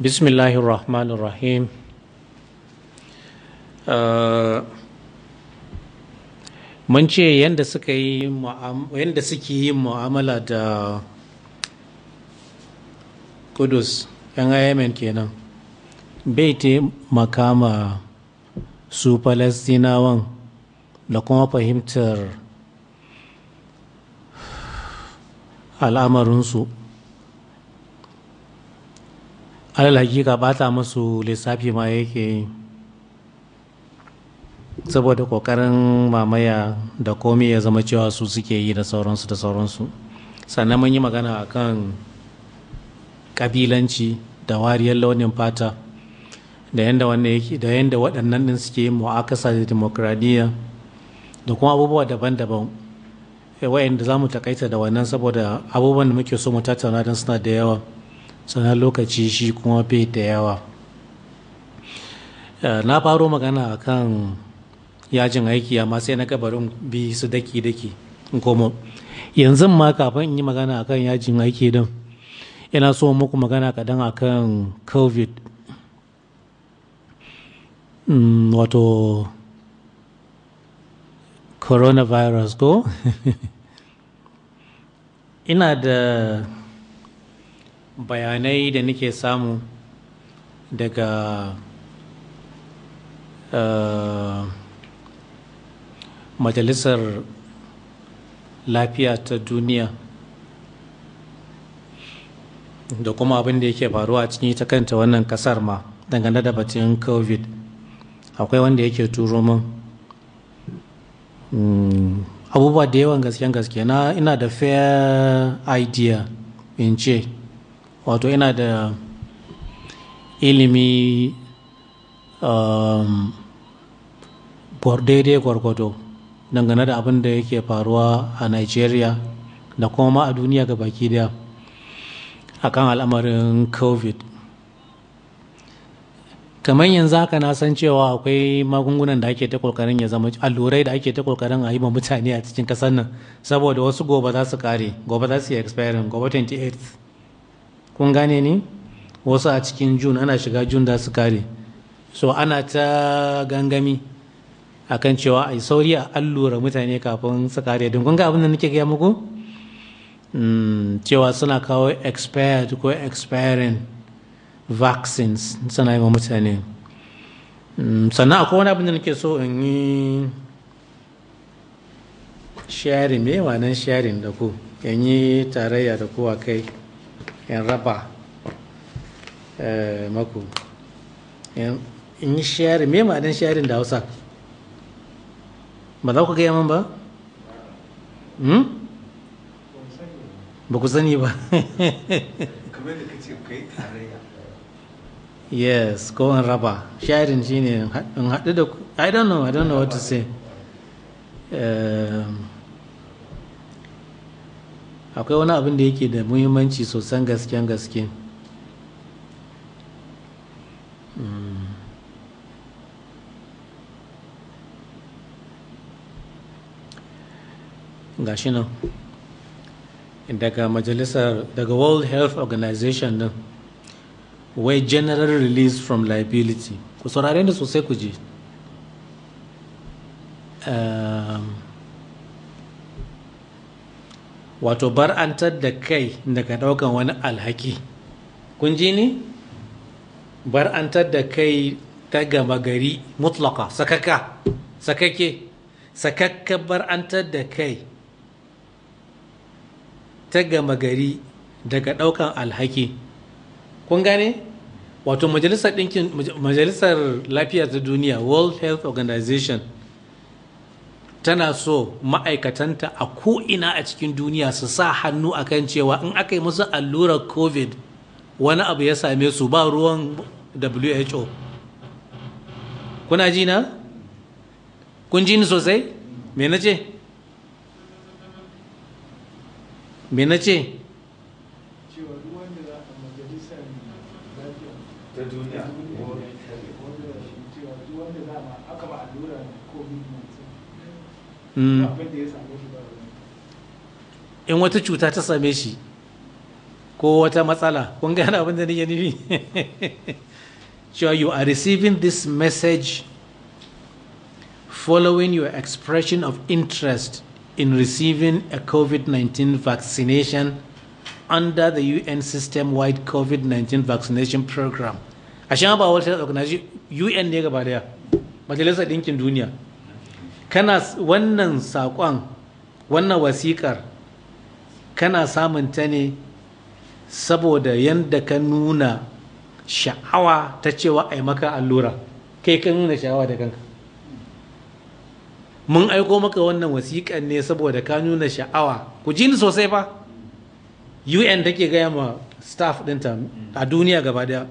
bismillahir rahmanir rahim uh, mun ce yadda suka yi yadda suke yin mu'amala da kudus yan ayyamin kenan bai ta makama su falastinawan da kuma fahimtar al'amarinsu alal hakika bata musu lissafi ma yake saboda kokarin mamaya da komai ya zama cewa su suke yi da sauransu da sauransu sannan mun yi magana a kan kabilanci da wariyar launin fata da yadda wannan yake da yadda waɗannan ɗin suke yin mu'akasa da demokradiyya da kuma abubuwa daban-daban eh, wa'anda za mu takaita da wannan saboda abubuwan da muke so mu tattauna don suna da yawa sannan lokaci shi kuma bai da yawa eh, na faro magana kan yajin aiki amma sai na gabarin bi su daki-daki komo yanzu ma kafin in yi magana akan yajin aiki don ina so muku magana kadan akan covid hmm, wato coronavirus ko ina da bayanai da nake samu daga eh, majalisar lafiya ta duniya da kuma abin da yake faruwa cikin ta kanta wannan kasar ma dangane da batun covid akwai wanda yake turo min mm, abubuwa da yawan gaske gaske na ina da fair idea in ce wato ina da ilimi um, daidai gwargwado dangane da abin da yake faruwa a nigeria da kuma a duniya ga baki daya kan al'amarin covid kamar yanzu haka na san cewa akwai magungunan da ake ta kokarin ya zama allurai da ake ta kokarin a yi ma mutane a cikin kasar nan saboda wasu gobe za su kare gobe za su yi expiring gobe 28 kun gane ni wasu a cikin jun ana shiga jun da su kare so ana ta gangami akan cewa a sauri a allura mutane kafin su kare don kun ga abin da nake gaya muku mm, cewa suna kawo expired ko expiring vaccines suna yi wa mutane mm, sannan akwai wani abin da nake so in yi sharing mai nan sharing da ku in yi tarayya da ku a kai in raba eh, maku in yi sharing me ma'adin sharing da hausa ba za ku gaya min ba? Hmm? ba ku sani ba kamar da kace kai tarayya yes ko in raba sharing shine in haɗu da ku i don't know i don't know what to say um, akwai wani abin da yake da muhimmanci sosan gasken gaske hmm. gashi nan daga majalisar daga world health organization din wai general release from liability ku saurare da sosai ku je wato bar'antar da kai daga ɗaukan wani alhaki kun ji ni? bar'antar da kai ta gama gari mutlaka sakaka sakake sakakka bar'antar da kai ta gama gari daga ɗaukan alhaki kun gane wato majalisar lafiya ta duniya world health organization tana so ma'aikatanta a ko'ina a cikin duniya su sa hannu a kan cewa in aka yi musu allurar covid wani abu ya same su ba ruwan who kuna ji na? kun ji ni sosai? me na ce? me na ce? Mm. in wata cuta ta same shi ko wata matsala kun gane abin da nake nufi you are receiving this message following your expression of interest in receiving a COVID-19 vaccination under the UN system-wide COVID-19 vaccination program. A shan ba wata organization UN ne gaba daya, Majalisar Ɗinkin Duniya. kana wannan saƙon wannan wasiƙar kana samun ta ne saboda yadda ka nuna sha'awa ta cewa a maka allura kai ka nuna sha'awa da kanka mun aiko maka wannan wasiƙan ne saboda ka nuna sha'awa ku ji ni sosai ba. un take gaya ma staff dinta a duniya gaba daya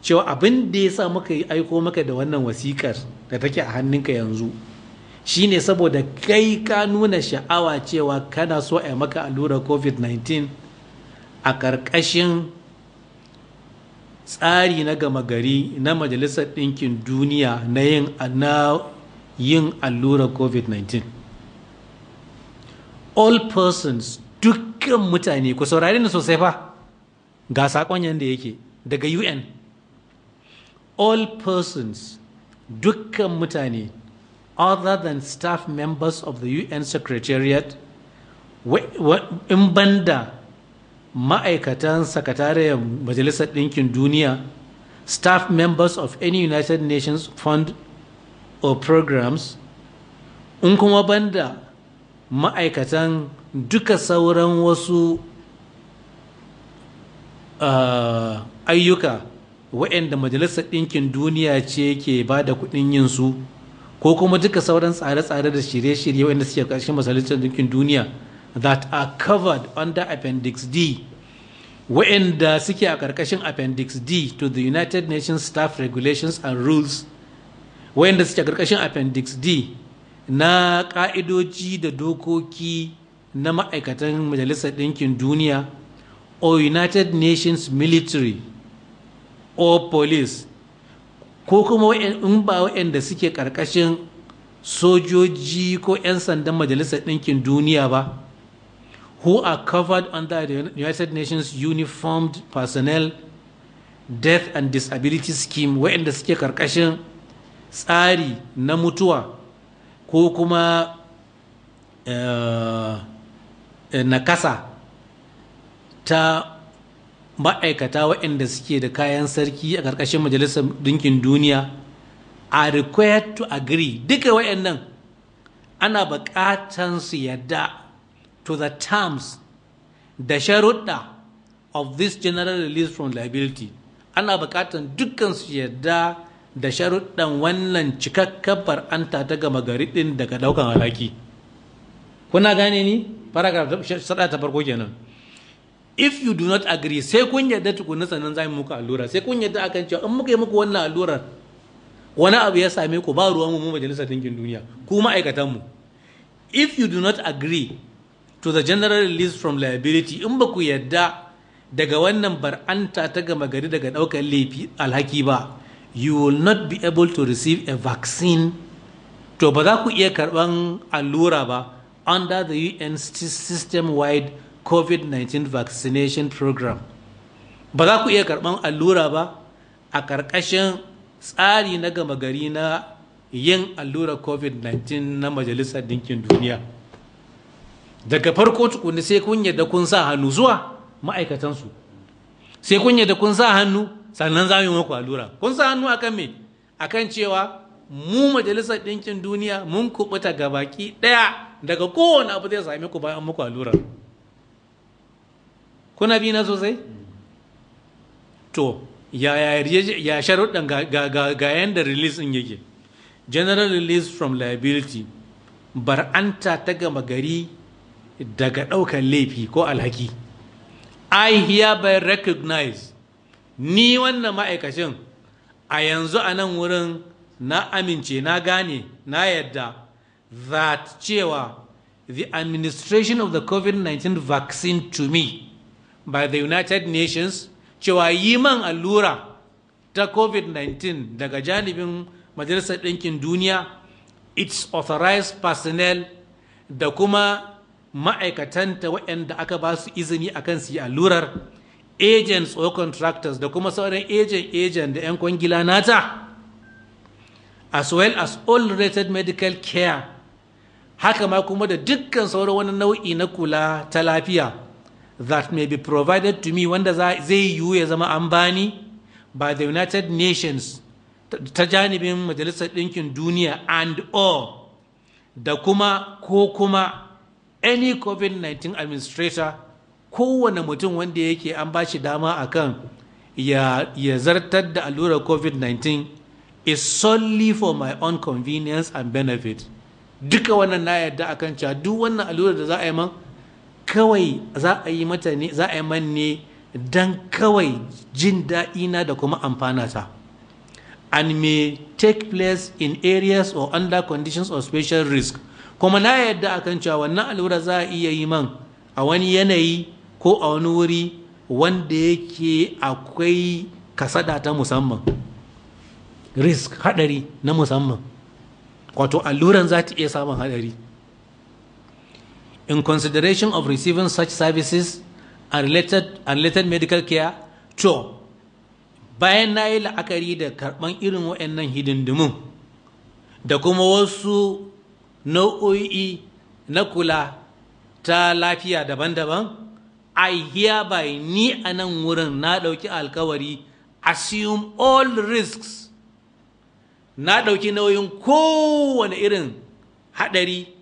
cewa abin da ya sa muka aiko maka da wannan wasiƙar da take a hannunka yanzu shine saboda kai ka nuna sha'awa cewa kana so a maka allurar covid-19 a ƙarƙashin tsari na gama gari na majalisar ɗinkin duniya na yin allurar covid-19 all persons dukkan mutane ku saurari ni sosai fa ga saƙon yadda yake daga un all persons dukkan mutane other than staff members of the UN Secretariat in banda ma'aikatan sakatariyar Majalisar Ɗinkin Duniya, staff members of any United Nations fund or programs, in kuma banda ma'aikatan duka sauran wasu uh, ayyuka waɗanda Majalisar Ɗinkin Duniya ce ke ba da kuɗin yinsu. su. ko kuma duka sauran tsare-tsare da shirye-shirye wanda suke ƙarshen masallacin dukkan duniya that are covered under appendix d wa'anda suke a ƙarƙashin appendix d to the united nations staff regulations and rules wa'anda suke a ƙarƙashin appendix d na ƙa'idoji da dokoki na ma'aikatan majalisar ɗinkin duniya or united nations military or police ko kuma in ba waɗanda suke ƙarƙashin sojoji ko 'yan sandan majalisar ɗinkin duniya ba who are covered under the united nations uniformed personnel death and disability scheme waɗanda suke ƙarƙashin tsari na mutuwa ko kuma eh, eh, nakasa ta ma'aikata waɗanda suke da kayan sarki a ƙarƙashin majalisar ɗinkin duniya are required to agree duka waɗannan ana buƙatar su yadda to the terms da sharuɗa of this general release from liability ana buƙatar dukkan su yadda da sharuɗan wannan cikakken far'anta ta gama gari ɗin daga ɗaukan alhaki kuna gane ni paragraph ta farko kenan if you do not agree sai kun yadda tukuna sannan za mu muku allura sai kun yadda akan cewa in muka yi muku wannan allurar wani abu ya same ku ba ruwan mu majalisar dinkin duniya ku ma'aikatan mu if you do not agree to the general release from liability in ba ku yadda daga wannan bar'anta ta gama gari daga ɗaukar laifi alhaki ba you will not be able to receive a vaccine to ba za ku iya karɓan allura ba under the UN system-wide covid-19 vaccination program ba za ku iya karɓan allura ba a ƙarƙashin tsari na gama gari na yin allura covid-19 na majalisar ɗinkin duniya daga farko tukuni sai kun yadda kun sa hannu zuwa ma'aikatansu sai kun yadda kun sa hannu sannan za mu yi muku allura kun sa hannu akan me akan cewa mu majalisar ɗinkin duniya mun kubuta ga baki ɗaya daga kowane abu zai same ku bayan muku allura kuna bi na sosai to ya ya sharuɗan ga yanda release ɗin yake general release from liability bar'anta ta gama gari daga ɗaukar laifi ko alhaki i hereby recognize ni wannan ma'aikacin a yanzu a nan wurin na amince na gane na yadda that cewa the administration of the covid-19 vaccine to me by the united nations cewa yi man allura ta covid-19 daga janibin majalisar ɗinkin duniya its authorized personnel da kuma ma'aikatanta waɗanda aka ba su izini a kan su allurar agents or contractors da kuma sauran agent agent da 'yan kwangila nata as well as all related medical care haka ma kuma da dukkan sauran wani nau'i na kula ta lafiya that may be provided to me wanda zai yiwu ya zama an bani by the United Nations ta janibin Majalisar Ɗinkin Duniya and or da kuma ko kuma any COVID-19 administrator kowane mutum wanda yake an ba shi dama akan ya, ya zartar da allurar COVID-19 is solely for my own convenience and benefit. Duka wannan na yarda akan cewa duk wannan allurar da za a yi man kawai za a yi mata ne za a yi manne don kawai jin daɗina da kuma amfana ta and may take place in areas or under conditions of special risk kuma na yadda a kan cewa wannan allura za a iya yi man a wani yanayi ko a wani wuri wanda yake akwai kasada ta musamman risk hadari na musamman wato alluran za ta iya samun hadari in consideration of receiving such services and related, and related medical care to bayan na yi la'akari da karɓan irin waɗannan hidindimun da kuma wasu nau'o'i na kula ta lafiya daban-daban i hereby ni a nan wurin na ɗauki alkawari assume all risks na ɗauki nauyin kowane irin haɗari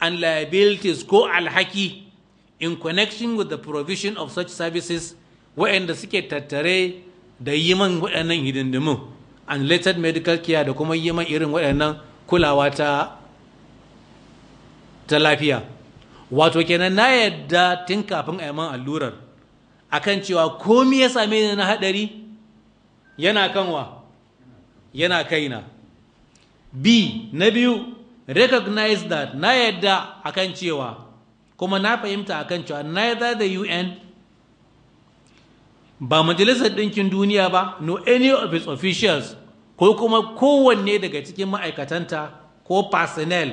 and liabilities ko alhaki in connection with the provision of such services waɗanda suke tattare da yi man waɗannan hidindimu and related medical care da kuma yi man irin waɗannan kulawa ta ta lafiya wato kenan na yadda tun kafin a man allurar akan cewa komi ya same ni na haɗari yana kanwa yana kaina b na biyu recognize that na yadda akan cewa kuma na fahimta akan cewa neither the UN ba majalisar ɗinkin duniya ba no any of its officials ko kuma kowanne daga cikin ma'aikatanta ko personnel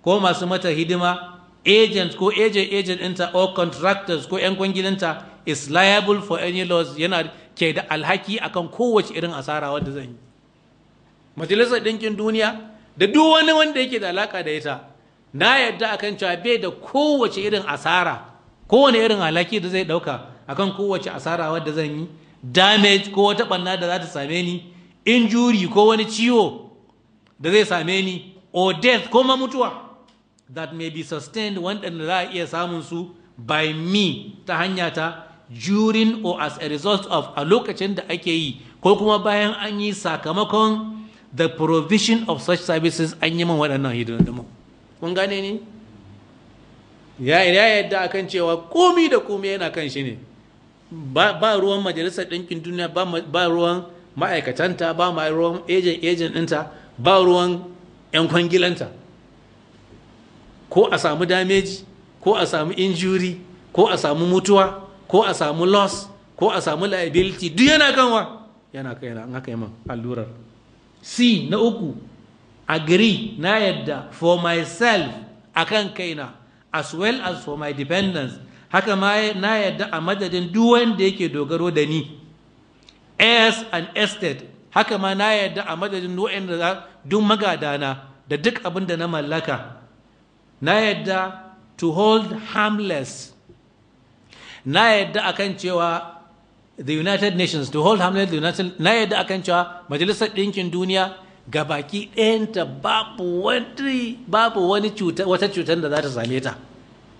ko masu mata hidima agent ko agent agent ɗinta or contractors ko 'yan kwangilinta is liable for any loss yana ke da alhaki akan kowace irin asara wadda zan yi majalisar ɗinkin duniya da duk wani wanda yake da alaka da ita na yadda akan cewa bai da kowace irin asara kowane irin halaki da zai dauka akan kowace asara wadda zan yi damage ko wata banna da za ta same ni injury ko wani ciwo da zai same ni or death ko ma mutuwa that may be sustained wanda za a iya samun su by me ta hanya ta during or as a result of a lokacin da ake yi ko kuma bayan an yi sakamakon the provision of such services an yi man waɗannan hidindimu kun gane ni ya yadda akan cewa komi da komi yana kan shi ne ba ruwan majalisar ɗinkin duniya ba ruwan ma'aikatanta ba ma ruwan ejen ejen ɗinta ba ruwan 'yan kwangilanta ko a samu dameji ko a samu injuri ko a samu mutuwa ko a samu loss ko a samu liability duk yana kanwa yana kai na an haka yi man allurar c na uku agree na yadda for myself akan kaina as well as for my dependence haka ma na yadda a madadin duk wanda yake dogaro da ni as an estate haka ma na yadda a madadin wa'anda duk magadana da duk abin da na mallaka na yadda to hold harmless na yadda akan cewa the united nations to hold hamlet the united na yadda akan cewa majalisar ɗinkin duniya ga baki ɗayanta babu wani babu wani cuta wata cutar da za ta same ta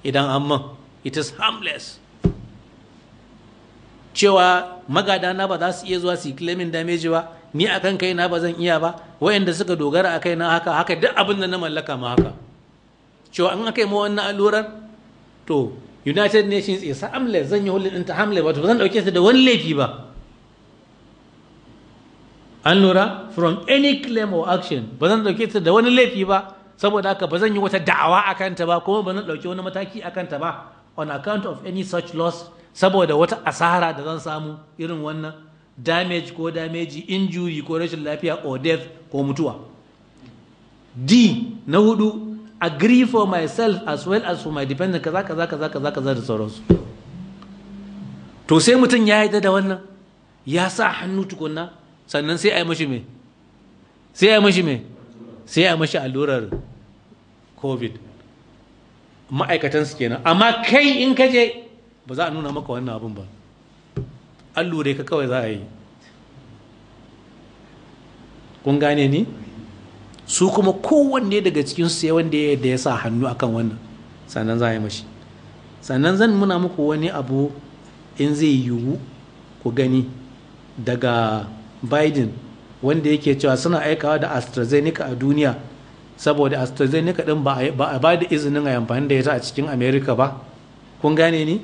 idan an man it is harmless cewa magada na ba za su iya zuwa su claiming dameji ba ni akan kai na ba zan iya ba wayanda suka dogara a kai na haka haka duk abin da na mallaka ma haka cewa an aka yi ma wannan allurar to united nations is hamlet zan yi hulun ɗinta hamlet wato ba zan ɗauke su da wani laifi ba an lura from any claim or action ba zan ɗauke su da wani laifi ba saboda haka ba zan yi wata da'awa a kanta ba kuma ba zan ɗauki wani mataki a kanta ba on account of any such loss saboda wata asara da zan samu irin wannan damage ko damage injury ko rashin lafiya or death ko mutuwa d na hudu agree for myself as well as for my dependent kaza kaza kaza kaza kaza da sauransu to sai mutum ya yi da wannan ya sa hannu tukunna sannan sai a yi mashi me sai a yi mashi me sai a yi mashi allurar covid ma'aikatan su kenan amma kai in ka je ba za a nuna maka wannan abin ba an lure ka kawai za a yi kun gane ni su kuma kowanne daga cikin su wanda ya da ya sa hannu akan wannan sannan za a yi mashi sannan zan muna muku wani abu in zai yiwu ku gani daga biden wanda yake cewa suna aikawa da astrazeneca a duniya saboda astrazeneca din ba a ba da izinin a amfani da ita a cikin Amerika ba kun gane ni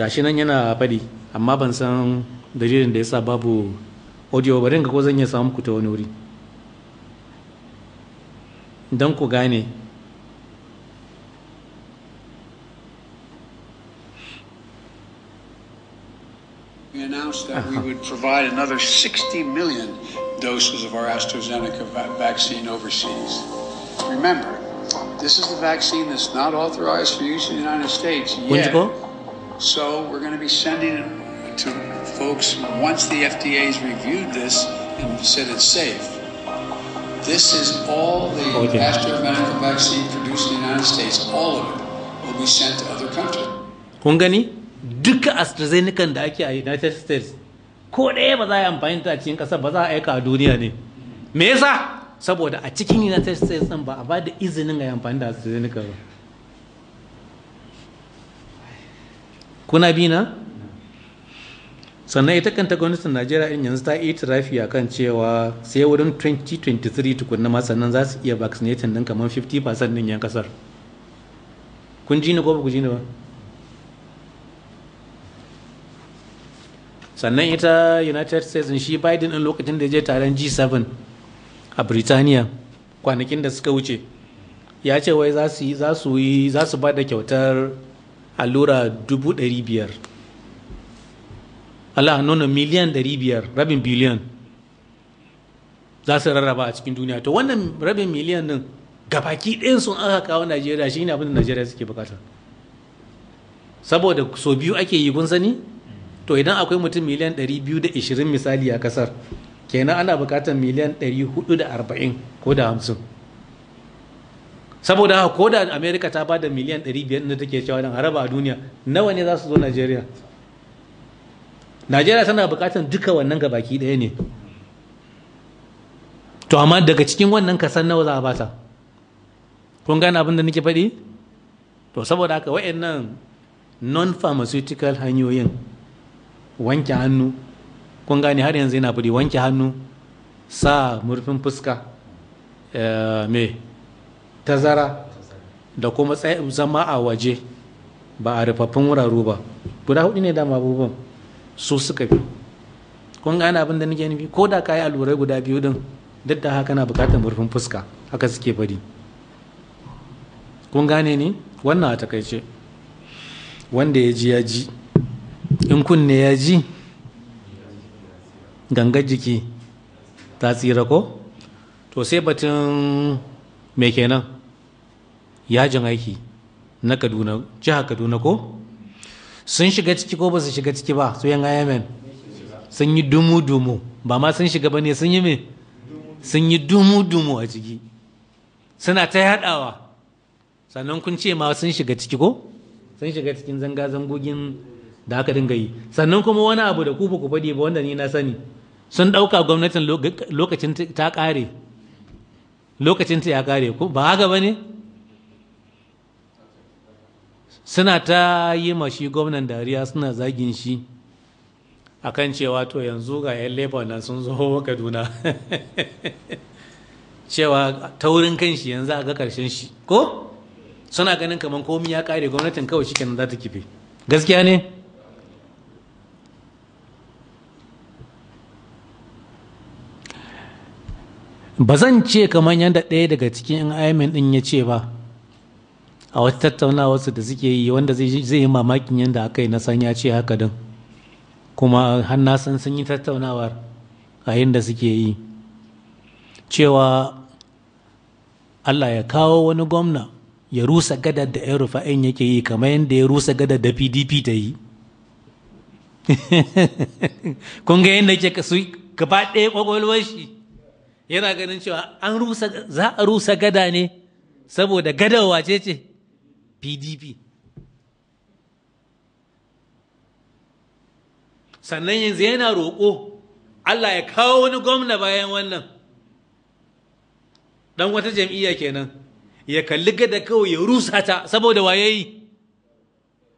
gashi nan yana amma ban san dalilin da yasa babu audio bari ga ko zan iya samu ku ta wani wuri ku gane We announced that we would provide another 60 million doses of our AstraZeneca va- vaccine overseas. Remember, this is the vaccine that's not authorized for use in the United States yet. So we're going to be sending it to folks once the FDA's reviewed this and said it's safe. This is all the okay. Oh, Pasteur vaccine produced in the United States, all of it will be sent to other countries. Kun gani? Duka AstraZeneca da a United States ko baza yampani ta chinga sabaza eka dunia ni ƙasa ba za a aika Saboda a cikin United States ɗin ba a ba da izinin AstraZeneca kuna bi na sannan ita kanta gwamnatin najeriya in yanzu ta yi tirafi a kan cewa sai wurin 2023 tukunna ma sannan za su iya vaccinating din kamar 50% din yan kasar kun ji ni ko ba ku ji ni ba sannan ita united states shi biden in lokacin da ya je taron g7 a birtaniya kwanakin da suka wuce ya ce wai za su yi za su ba da kyautar allura dubu ɗari biyar Allah nuna miliyan ɗari biyar rabin biliyan za su rarraba a cikin duniya to wannan rabin miliyan nan gabaki ɗayan sun aka kawo Najeriya shi ne abin da Najeriya suke bukata saboda so biyu ake yi kun sani to idan akwai mutum miliyan biyu da ishirin misali a kasar kenan ana bukatar miliyan hudu da ɗari arba'in ko da hamsin? saboda haka ko da america ta bada miliyan 500 da take cewa don haraba a duniya nawa ne za su zo nigeria nigeria tana bukatar duka wannan baki ɗaya ne to amma daga cikin wannan kasan nawa za a bata kun gane abin da nake faɗi to saboda haka wa'annan non pharmaceutical hanyoyin wanke hannu kun gane har yanzu yana fudi wanke hannu sa murfin fuska eh, me tazara da kuma zama a waje ba a rufaffin wuraru ba guda hudu ne dama abubuwan su suka fi kun gane abin da nake nufi ko da ka yi allurai guda biyu din duk da haka na bukatar murfin fuska haka suke bari kun gane ne wannan a takaice wanda ya ji ya ji in kunne ya ji gangar jiki ta tsira ko to sai batun me kenan yajin aiki na kaduna jihar kaduna ko sun shiga ciki ko ba su shiga ciki ba su yin ayamen sun yi dumu-dumu ba ma sun shiga ba ne sun yi me sun yi dumu-dumu a ciki suna ta yadawa sannan kun ce ma sun shiga ciki ko sun shiga cikin zanga-zangogin da aka dinga yi sannan kuma wani abu da ku ba ku faɗi ba wanda ni na sani sun ɗauka gwamnatin lokacin ta ƙare lokacin ta ya ƙare ba haka ba ne suna ta yi ma shi gwamnan dariya suna zagin shi A kan cewa to yanzu ga 'yan labour nan sun zo kaduna cewa wurin kan shi yanzu a ga karshen shi ko suna ganin kamar komi ya kare gwamnatin kawai shi kenan za ta kife gaskiya ne ba zan ce kamar yadda ɗaya daga cikin 'yan din ya ce ba a wata tattaunawarsu da suke yi wanda zai yi mamakin yadda aka yi na san ya ce haka din kuma har na sun yi tattaunawar a yadda suke yi cewa allah ya kawo wani gwamna ya rusa gadar da 'yan rufa'in yake yi kamar yadda ya rusa gadar da pdp ta yi kun ga yadda ke kasu gaba ɗaya kwakwalwar shi yana ganin cewa an rusa za a rusa gada ne saboda gadawa wace ce pdp sannan yanzu yana roƙo allah ya kawo wani gwamna bayan wannan ɗan wata jam'iyya kenan ya kalli gada kawai ya rusa ta saboda yi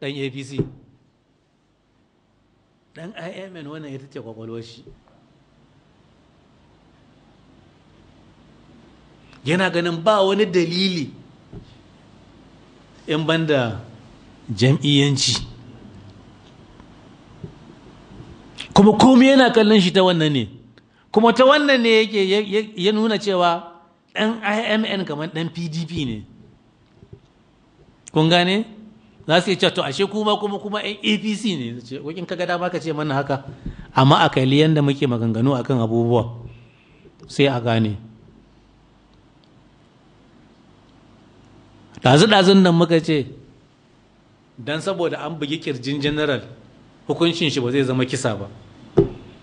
ɗan apc ɗan imn wannan ya tace kwakwalwar shi yana ganin ba wani dalili in banda jam'iyyanci kuma komai yana kallon shi ta wannan ne kuma ta wannan ne yake ya nuna cewa ɗan imn kamar ɗan pdp ne kun gane za su yi cato to ashe kuma kuma kuma ɗan apc ne wakin kaga dama ka ce mana haka amma a kaili yanda muke maganganu akan abubuwa sai a gane dazu ɗazun nan muka ce don saboda an bugi kirjin general hukuncin shi ba zai zama kisa ba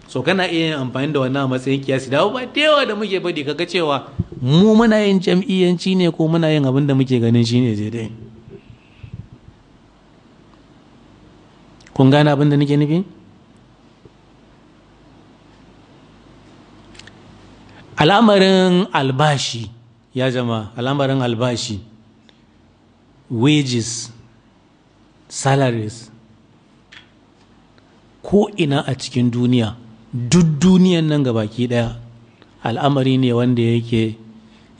so kana iya yin amfani da wannan matsayin kiyasi da ba da yawa da muke faɗi kaga cewa mu muna yin jam'iyyanci ne ko muna yin abin da muke ganin shi ne daidai kun gane abin da nake nufi al'amarin albashi ya jama al'amarin albashi wages salaries ko ina a cikin duniya duk duniyan nan ga baki daya al'amari ne wanda yake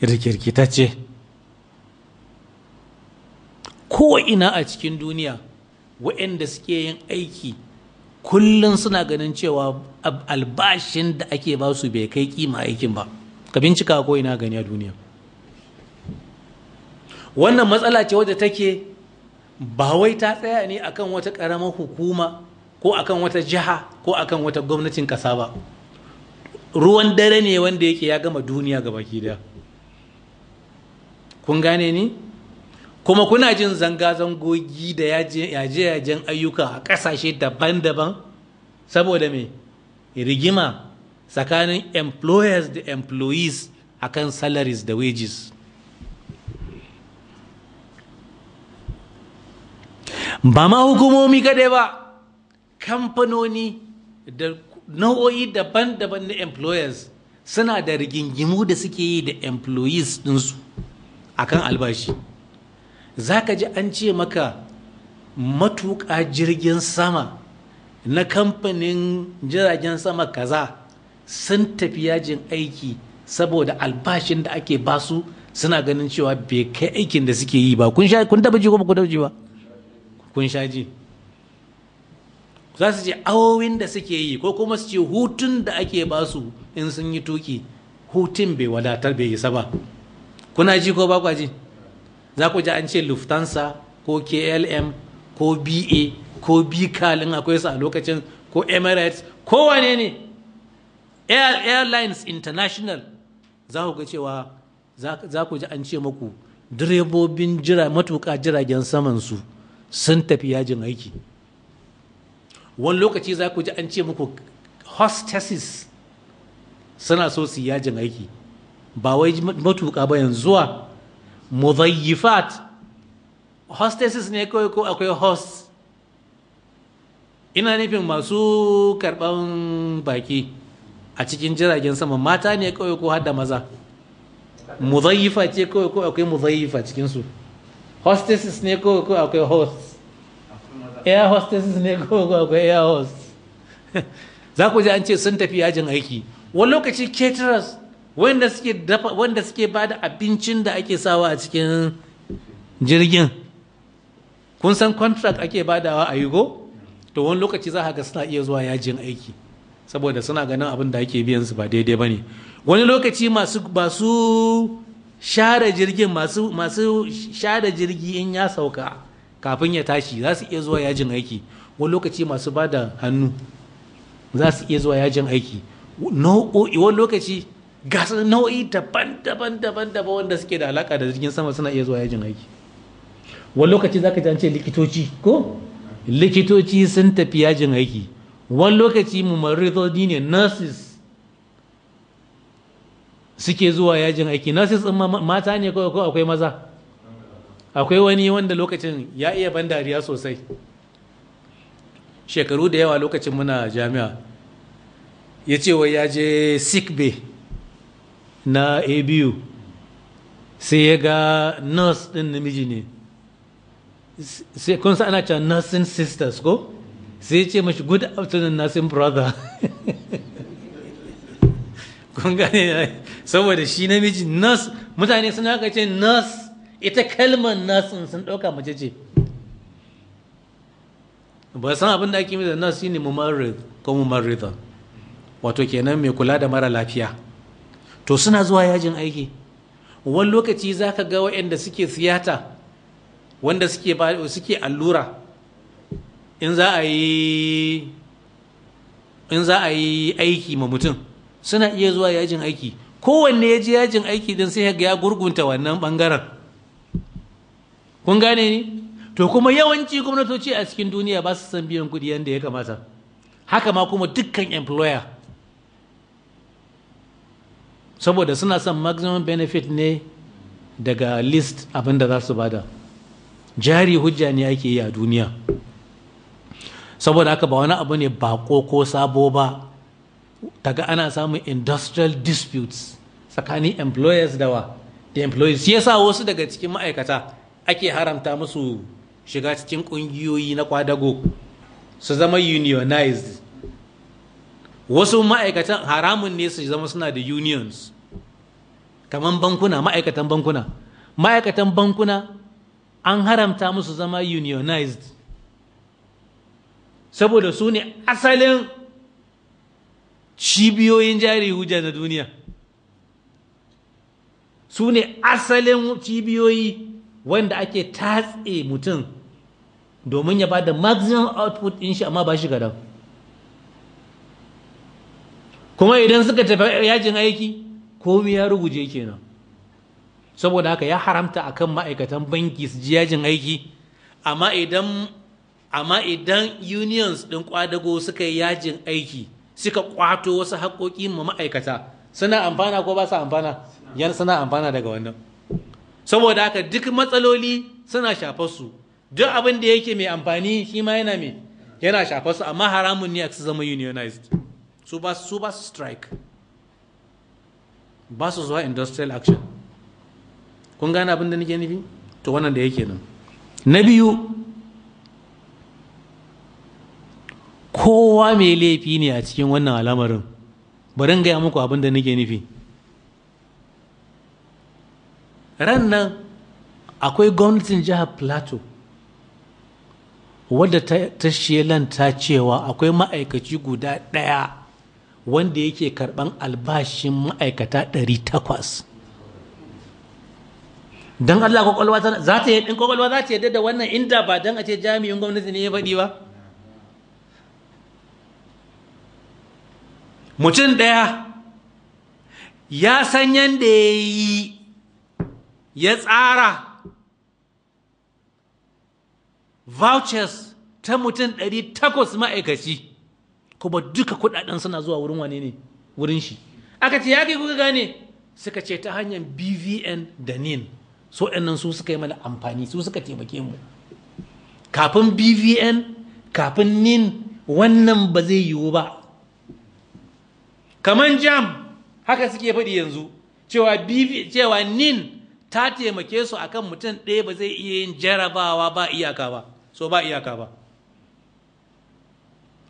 rikirkitacce ko ina a cikin duniya waɗanda suke yin aiki kullum suna ganin cewa albashin da ake basu bai kai kima aikin ba ka bincika ko ina gani a duniya wannan matsala ce wadda take ba wai ta tsaya ne akan wata ƙaramar hukuma ko akan wata jiha ko akan wata gwamnatin ƙasa ba ruwan dare ne wanda yake ya gama duniya ga baki da kun gane ni kuma kuna jin zanga-zangogi da yaje-yajen ayyuka a ƙasashe daban-daban saboda mai rigima tsakanin employers da employees akan salaries da wages ba ma hukumomi kaɗai ba kamfanoni da nau'o'i daban-daban na employers suna da rigingimu da suke yi da employees ɗinsu a kan albashi za ka ji an ce maka matuƙa jirgin sama na kamfanin jiragen sama kaza sun tafi yajin aiki saboda albashin da ake basu suna ganin cewa bai kai aikin da suke yi ba kun taba ji ko ba ku taba ji ba kun sha ji za su ce awowin da suke yi ko kuma su ce hutun da ake basu in sun yi tuki hutun bai wadatar bai isa ba kuna ji ko bakwa ji za ku ji an ce lufthansa ko klm ko ba ko bikalin akwai su a lokacin ko emirates ko wane ne airlines international za ku cewa za ku ji an ce maku direbobin jira matuka jiragen saman su sun tafi yajin aiki wani lokaci za ku ji an ce muku hostesses suna so su yajin aiki ba wai matuka ba yanzu wa mudayyifat hostesses ne kawai ko akwai host ina nufin masu karɓan baki a cikin jiragen sama mata ne kawai ko har da maza muzayyifa ce kawai ko akwai muzayyifa cikinsu hostesses ne ko ko akwai host air hostesses ne ko ko akwai air host za ku ji an ce sun tafi yajin aiki wani lokaci caterers wanda suke dafa wanda suke bada abincin da ake sawa a cikin jirgin kun san contract ake badawa a go, to wani lokaci za ga suna iya zuwa yajin aiki saboda suna ganin abin da ake biyan su ba daidai bane wani lokaci masu share jirgin masu masu share jirgi in ya sauka kafin ya tashi za su iya zuwa yajin aiki wani lokaci masu ba da hannu za su iya zuwa yajin aiki wani lokaci gasar nau'i daban-daban daban-daban wanda suke da alaka da jirgin sama suna iya zuwa yajin aiki wani lokaci za ka ce likitoci ko likitoci sun tafi yajin aiki wani lokaci mu ne nurses suke zuwa yajin aiki nurses din mata ne ko akwai maza akwai wani wanda lokacin ya iya ban dariya sosai shekaru da yawa lokacin muna jami'a ya ce wai ya je sick bay na abu sai ya ga nurse din namiji ne sai kun sa ana cewa nursing sisters ko sai ya ce mashi good afternoon nursing brother kun gane saboda shi namiji nas mutane suna haka ce nas ita kalmar nas sun ɗauka mace ce ba san abin da ake yi da nas shine mumarrid ko mumarrida wato kenan mai kula da mara lafiya to suna zuwa yajin aiki wani lokaci za ka ga waɗanda suke siyata wanda suke allura in za a yi aiki ma mutum suna iya zuwa yajin aiki kowanne ya ji yajin aiki don sai ya gurgunta wannan bangaren kun gane ni to kuma yawanci gwamnatoci a cikin duniya ba su san biyan kuɗi yadda ya kamata haka ma kuma dukkan employer saboda suna son maximum benefit ne daga list abinda da za su bada jari hujja ne ake yi a duniya saboda haka ba wani abu ne bako ko sabo ba daga ana samun industrial disputes tsakanin employers dawa da employees yasa wasu daga cikin ma'aikata ake haramta musu shiga cikin ƙungiyoyi na kwadago su zama unionized wasu ma'aikatan haramun ne su zama suna da unions kamar bankuna ma'aikatan bankuna ma'aikatan bankuna an haramta musu zama unionized saboda su ne asalin cibiyoyin jari hujja na duniya su ne asalin cibiyoyi wanda ake tatse mutum domin ya ba da maximum output ɗin shi amma ba shi gada kuma idan suka tafi yajin aiki komi ya ruguje kenan saboda haka ya haramta akan ma'aikatan banki su ji yajin aiki amma idan idan unions din kwadago suka yi yajin aiki suka kwato wasu haƙoƙi mu ma'aikata suna amfana ko ba su amfana yan suna amfana daga wannan saboda haka duk matsaloli suna shafar su duk abin da yake mai amfani shi ma yana mai yana shafar su amma haramun ne a su zama unionized su ba su ba su strike ba su zuwa industrial action kun gane abin da nake nufi to wannan da yake nan na biyu kowa mai laifi ne a cikin wannan al'amarin bari gaya muku abin da nake nufi ran nan akwai gwamnatin jihar plateau wadda ta shelanta cewa akwai ma'aikaci guda ɗaya wanda yake karɓar albashin ma'aikata 800 don allah kwakwalwa za ta yi da wannan inda ba don a ce jami'in gwamnati ne ya faɗi ba mutum ɗaya ya san yadda ya yi ya tsara vouchers ta mutum ɗari takwas ma'aikaci kuma duka kuɗaɗen suna zuwa wurin wane ne wurin shi aka ce ya kuka gane suka ce ta hanyar bvn da nin e so nan su suka yi mana amfani su suka taimake mu kafin bvn kafin nin e wannan ba zai yiwu ba kaman jam haka suke faɗi yanzu cewa cewa nin ta taimake su akan mutum ɗaya ba zai iya yin jarabawa ba iyaka ba so ba iyaka ba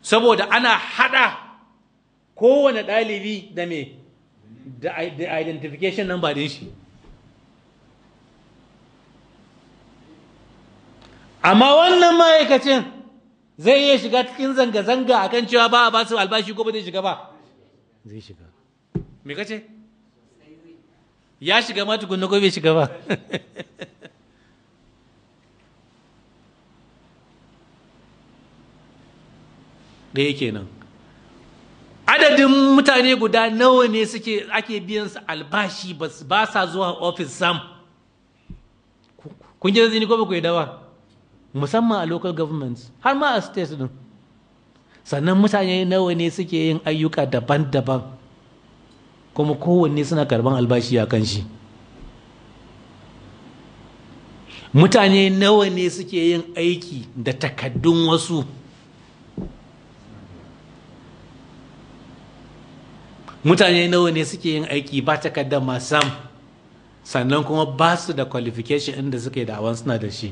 saboda ana haɗa kowane ɗalibi da me da identification number ɗin shi amma wannan ma'aikacin zai iya shiga cikin zanga-zanga akan cewa ba a ba albashi ko ba zai shiga ba zai shiga me kace ya shiga ma tukunna ko bai shiga ba yake nan adadin mutane guda nawa ne suke ake biyan su albashi ba sa zuwa ofis sam kun ji zini ko ba ku yi dawa musamman a local government har ma a state din sannan mutane nawa ne suke yin ayyuka daban-daban kuma kowanne suna karban albashi a kan shi mutane nawa ne suke yin aiki da takaddun wasu mutane nawa ne suke yin aiki ba takaddan masam sannan kuma ba su da qualification inda suke da awon suna da shi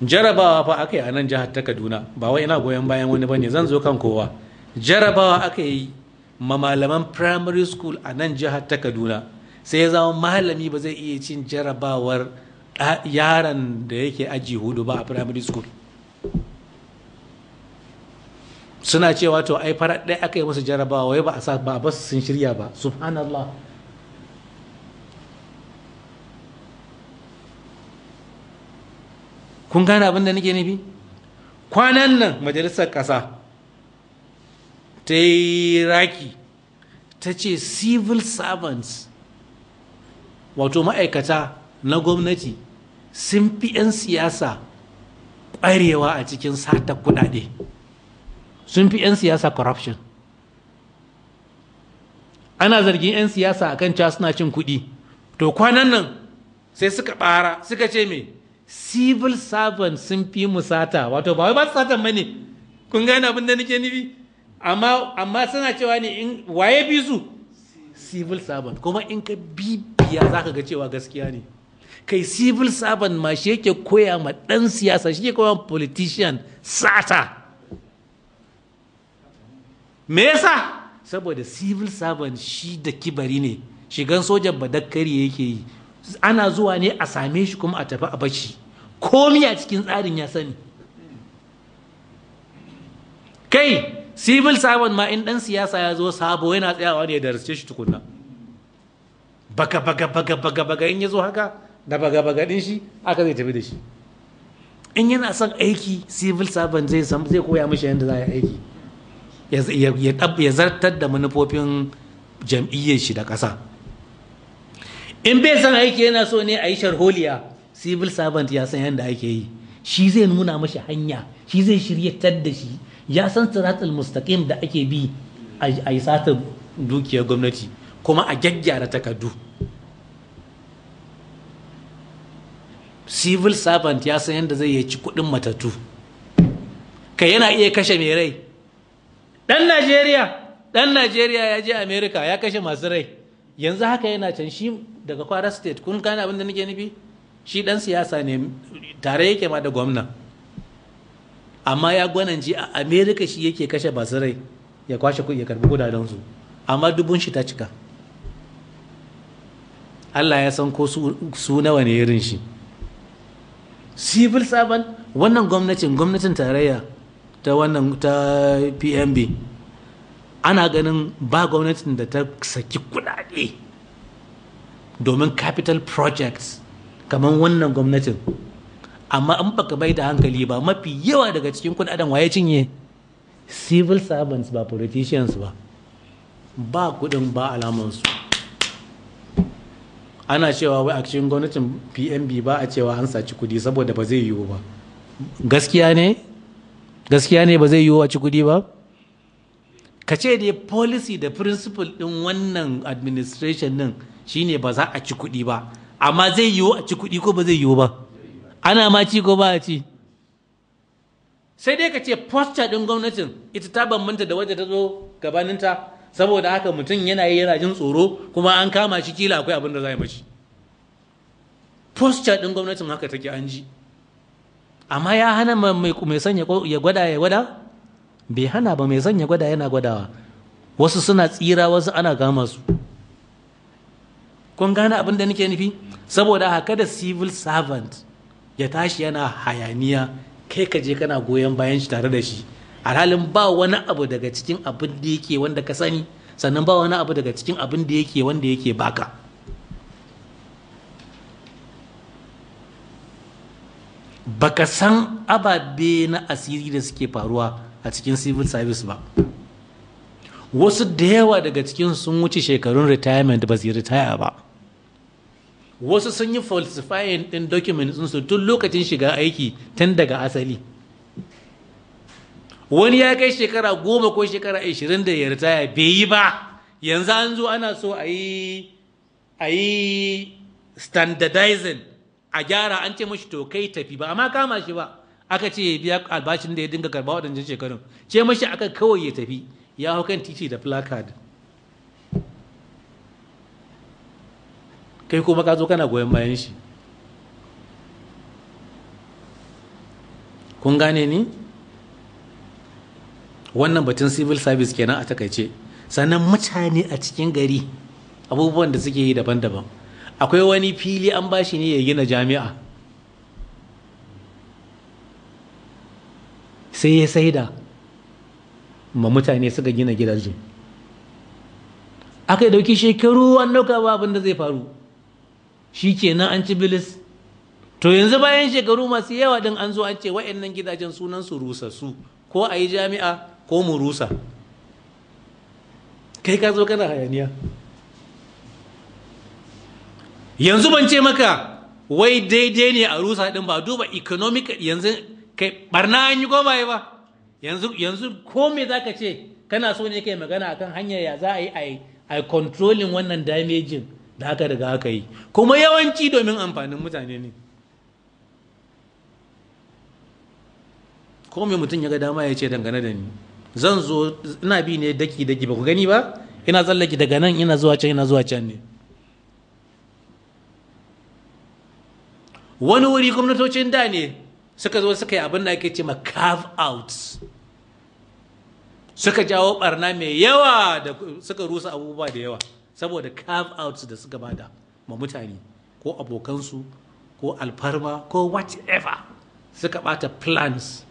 jarabawa fa aka yi a nan jihar ta kaduna ba wai ina goyon bayan wani bane zan zo kan kowa jarabawa aka yi ma malaman primary school a nan jihar ta kaduna sai ya zama malami ba zai iya cin jarabawar yaran da yake aji hudu ba a primary school suna cewa to ai farar ɗaya aka yi musu jarabawa wai ba a sa ba sun shirya ba subhanallah kun gane abin da nake nufi kwanan nan majalisar ƙasa ta yi raki ta ce civil servants wato ma'aikata na gwamnati sun fi 'yan siyasa ƙwarewa a cikin sata kudade sun fi 'yan siyasa corruption ana zargin 'yan siyasa akan cewa suna cin kuɗi to kwanan nan sai suka ɓara suka ce me civil servant sun fi mu sata wato ba wai ba su satan bane kun gane abin da nake nufi amma amma suna cewa ne in waye bi su civil servant kuma in ka bibiya ka ga cewa gaskiya ne kai civil servant ma shi yake koya ma dan siyasa shi yake koya politician sata me yasa saboda civil servant shi da kibari ne shigan sojan badakkari yake yi ana zuwa ne a same shi kuma a tafi a bashi komi a cikin tsarin ya sani kai civil servant ma in dan siyasa ya zo sabo yana tsayawa ne da rasce shi tukunna baga baga baga baga baga in ya zo haka da baga baga din shi aka zai tafi da shi in yana son aiki civil servant zai san zai koya mishi yadda za a aiki ya zartar da manufofin jam'iyyar shi da ƙasa in bai san aiki yana so ne a yi sharholiya civil servant ya san yadda ake yi shi zai nuna mashi hanya shi zai shirya shiryatar da shi ya san siratul mustaqim da ake bi a yi satar dukiyar gwamnati kuma a gyaggyara takardu civil servant ya san yadda zai ci kudin matatu ka yana iya kashe mai rai ɗan najeriya ɗan najeriya ya je amerika ya kashe masu rai yanzu haka yana can shi daga kwara state kun gane abin da nake nufi shi dan siyasa ne tare yake ma da gwamna amma ya gwananci a america shi yake kashe basirai ya kwashe ya karbi kudaden su amma dubun shi ta cika Allah ya san ko su nawa ne irin shi civil servant wannan gwamnatin gwamnatin tarayya ta wannan ta pmb ana ganin ba gwamnatin da ta saki kudade domin capital projects kamar wannan gwamnatin amma an baka bai da hankali ba mafi yawa daga cikin kudaden waye cinye civil servants ba politicians ba ba kudin ba alamansu ana cewa wai a cikin gwamnatin pmb ba a cewa an saci kudi saboda ba zai yiwu ba gaskiya ne gaskiya ne ba zai yiwu a ci kudi ba ka ce dai policy da principle din wannan administration ɗin shine ba za a ci kuɗi ba amma zai yiwu a ci kuɗi ko ba zai yiwu ba ana ma ci ko ba a ci sai dai ka ce posture ɗin gwamnatin ita ta bambanta da wadda ta zo gabaninta saboda haka mutum yana yi yana jin tsoro kuma an kama shi kila akwai abin da za a yi mashi posture ɗin gwamnatin haka take an ji amma ya hana mai sanya ya gwada ya gwada bai hana ba mai zanya gwada yana gwadawa wasu suna tsira wasu ana gama su kun gane abin da nake nufi saboda haka da civil servant ya tashi yana hayaniya kai ka je kana goyon bayan shi tare da shi alhalin ba wani abu daga cikin abin da yake wanda ka sani sannan ba wani abu daga cikin abin da yake wanda yake baka baka san ababe na asiri da suke faruwa a cikin civil service ba wasu da yawa daga cikin sun wuce shekarun retirement ba zai ritaya ba wasu sun yi falsifying ɗin documents su tun lokacin shiga aiki tun daga asali wani ya kai shekara goma ko shekara ashirin da ya ritaya bai yi ba yanzu an zo ana so a yi a yi standardizing a gyara an ce mashi to kai tafi ba amma kama shi ba aka ce ya biya albashin da ya dinga karba waɗancan shekarun ce mashi aka kawai ya tafi ya hau kan titi da placard kai kuma ka zo kana goyon bayan shi kun gane ni wannan batun civil service kenan a takaice sannan mutane a cikin gari abubuwan da suke yi daban-daban akwai wani fili an bashi ne ya gina jami'a sai ya saida ma mutane suka gina gidaje aka dauki shekaru an ba abin da zai faru shi kenan an ci bilis to yanzu bayan shekaru masu yawa din an zo an ce wa'annan gidajen sunan su rusa su ko a yi jami'a ko mu rusa kai ka zo kana hayaniya yanzu ban ce maka wai daidai ne a rusa din ba duba economic yanzu kai barna an yi ko ba ba yanzu yanzu ko me ka ce kana so ne kai magana akan hanyar ya za a yi a yi controlling wannan damaging da aka riga aka yi kuma yawanci domin amfanin mutane ne ko me mutum ya ga dama ya ce dangane da ni zan zo ina bi ne daki daki ba ku gani ba ina tsallaki daga nan ina zuwa can ina zuwa can ne wani wuri gwamnatocin da ne suka zo suka yi abin da ake ce ma carve out suka jawo barna mai yawa da suka rusa abubuwa da yawa saboda carve out da suka bada ma mutane ko abokansu ko alfarma ko whatever suka bata plans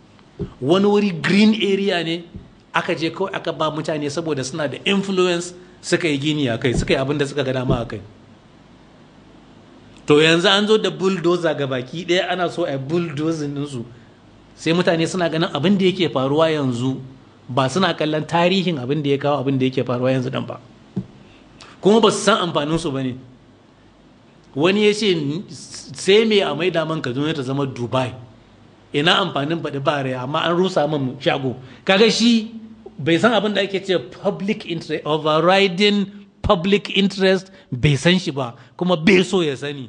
wani wuri green area ne aka je kawai aka ba mutane saboda suna da influence suka yi gini a kai suka yi abin da suka ga dama a kai to yanzu an zo da bulldozer ga baki ɗaya ana so a bulldozer ɗinsu sai mutane suna ganin abin da yake faruwa yanzu ba suna kallon tarihin abin da ya kawo abin da yake faruwa yanzu ɗan ba kuma ba su san amfaninsu ba ne wani ya ce sai me a maida man kaduna ta zama dubai ina amfanin baɗi ba rai amma an rusa min shago kaga shi bai san abin da ake ce public interest overriding public interest bai san shi ba kuma bai so ya sani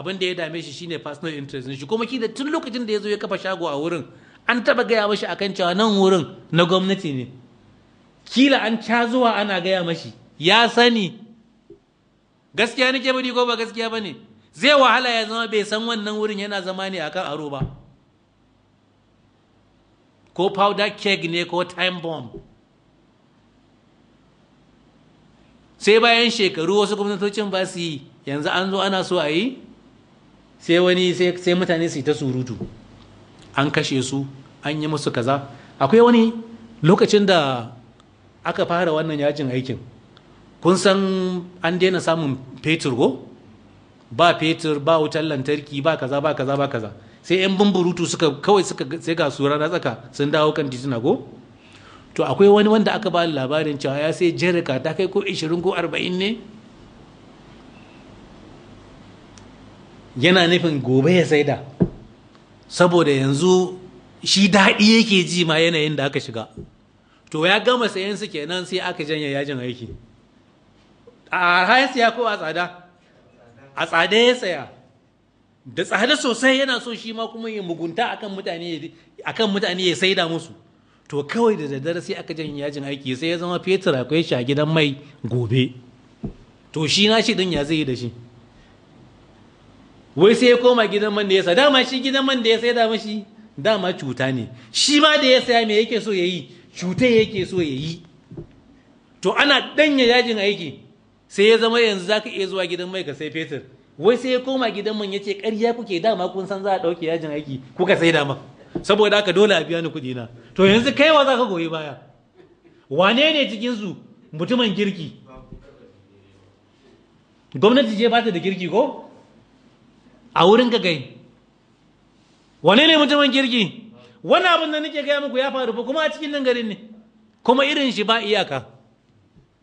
abin da ya dame shi shine personal interest shi kuma da tun lokacin da ya zo ya kafa shago a wurin an taba gaya mashi akan cewa nan wurin na gwamnati ne kila an ca zuwa ana gaya mashi ya sani gaskiya nake bari ko ba gaskiya bane zai wahala ya zama bai san wannan wurin yana zama ne akan aro ba ko powder keg ne ko time bomb sai bayan shekaru wasu gwamnatocin ba su yi yanzu an zo ana so a yi sai wani sai mutane su yi ta surutu an kashe su an yi musu kaza akwai wani lokacin da aka fara wannan yajin aikin kun san an daina samun fetur go? ba fetur ba wutar lantarki ba kaza ba kaza ba kaza sai 'yan bumburutu suka kawai suka sai ga su rana tsaka sun dawo kan tituna go? to akwai wani wanda aka ba labarin cewa ya sai jerika ta kai ko 20 ko 40 ne yana nufin gobe ya saida saboda yanzu shi daɗi yake ji ma yanayin da aka shiga to ya gama sayan su kenan sai aka janye yajin aiki a arha siya ko a tsada a tsada ya saya da tsada sosai yana so shi ma kuma ya mugunta akan mutane akan mutane ya saida musu to kawai da daddare sai aka jan yajin aiki sai ya zama fetur akwai shi a gidan mai gobe to shi na shi din ya zai yi da shi wai sai ya koma gidan man da ya sa dama shi gidan man da ya sai dama shi dama cuta ne shi ma da ya saya me yake so ya yi cuta yake so ya yi to ana danya yajin aiki sai ya zama yanzu zaka iya zuwa gidan mai ka sai fetur wai sai ya koma gidan man ya ce ƙarya kuke dama kun san za a ɗauke yajin aiki kuka sai dama saboda haka dole a biya ni kuɗi na to yanzu kai wa ka goyi baya wane ne cikin mutumin girki? gwamnati ce ba da girki ko a wurin ka gai. wane ne mutumin girki? wani abin da nake gaya muku ya faru fa kuma a cikin nan garin ne kuma irin shi ba iyaka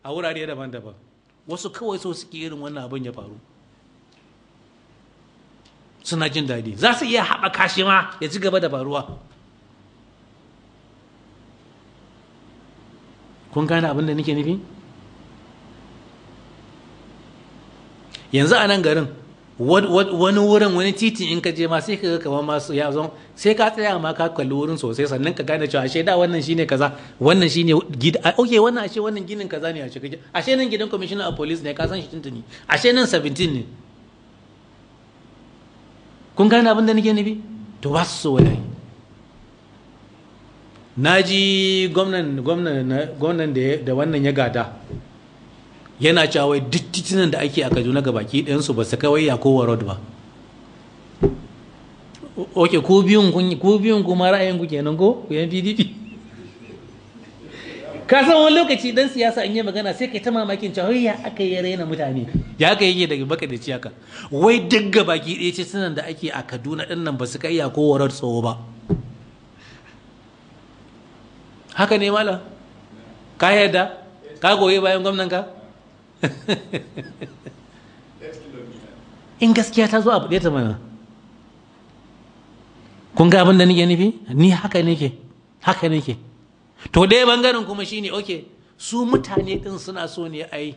a wurare daban-daban wasu kawai so suke irin wannan abin ya faru suna jin daɗi za su iya haɓaka shi ma ya ci gaba da faruwa kun gane abin da nake nufi yanzu a nan garin wani wurin wani titi in ka je ma sai ka ga kamar masu ya zon sai ka tsaya ma ka kalli wurin sosai sannan ka gane cewa ashe da wannan shine kaza wannan shine gida okay wannan ashe wannan ginin kaza ne ashe ashe nan gidan commissioner a police ne ka san shi tuntuni ashe nan 17 ne kun gane abin da nake nufi to ba su so wallahi na ji gwamnan da wannan ya gada yana cewa duk titunan da ake a kaduna ga baki ɗayansu ba su kawai ya kowa road ba ok ku biyun kuma ra'ayin ku kenan ko ku yan pdp ka san wani lokaci dan siyasa in yi magana sai kai ta mamakin cewa ya aka yi raina mutane ya aka yi daga baka da ciyaka wai duk baki ɗaya ce sunan da ake a Kaduna din nan ba su kai ya ko warar tsoho ba haka ne mala ka yadda ka goye bayan gwamnan ka in gaskiya ta zo a buɗe ta mana kun ga abin da nake nufi ni haka nake haka nake to dai bangaren kuma shine oke su mutane ɗin suna so ne ai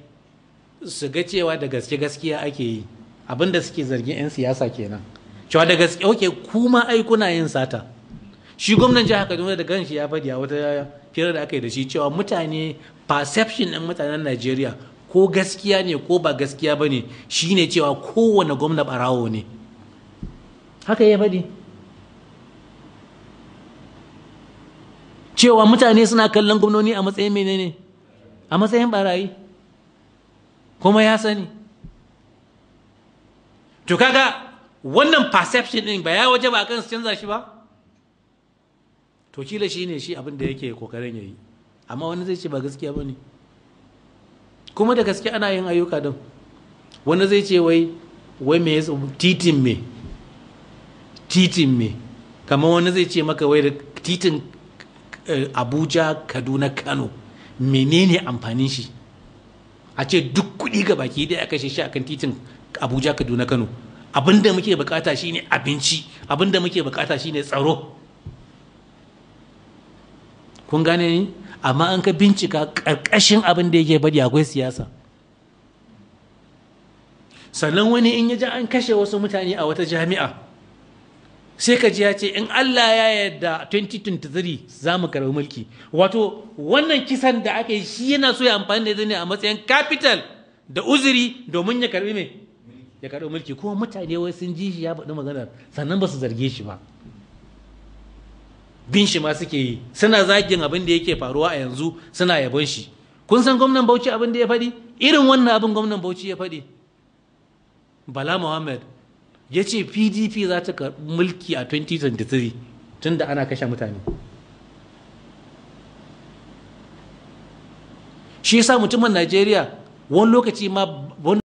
su ga cewa da gaske gaskiya ake yi abinda suke zargin 'yan siyasa kenan cewa da gaske oke kuma ai kuna yin sata shi gwamnan jihar kaduna da ganshi ya fadi a wata firar da aka yi da shi cewa mutane perception ɗin mutanen najeriya ko gaskiya ne ko ba gaskiya ba ne shine cewa kowane gwamna barawo ne haka ya faɗi cewa mutane suna kallon gwamnoni a matsayin menene a matsayin barayi kuma ya sani to kaga wannan perception din ba ya waje ba kan su canza shi ba to kila shi ne shi abin da yake kokarin yayi amma wani zai ce ba gaskiya ba ne kuma da gaske ana yin ayyuka din wani zai ce wai wai me titin me titin me kamar wani zai ce maka wai titin Eh, abuja kaduna kano menene amfanin shi a ce duk kuɗi ga baki dai a kashe shi akan titin abuja kaduna kano abinda da muke bukata shine abinci abinda muke bukata shine tsaro kun gane ni amma an ka bincika ƙarƙashin abin da yake bari akwai siyasa sannan wani in ya ji an kashe wasu mutane a wata jami'a sai ka ji ya ce in Allah ya yarda 2023 za mu karbi mulki wato wannan kisan da aka yi shi yana so ya amfani da ita ne a matsayin capital da uzuri domin ya karbi me ya karbi mulki kuma mutane wai sun ji shi ya faɗi maganar sannan ba su zarge shi ba bin shi ma suke yi suna zagin abin da yake faruwa a yanzu suna yabon shi kun san gwamnan Bauchi abin da ya faɗi irin wannan abin gwamnan Bauchi ya faɗi Bala Muhammad ya ce pdp za ta karɓi mulki a 2023 tunda ana kashe mutane shi yasa mutumin najeriya wani lokaci ma wani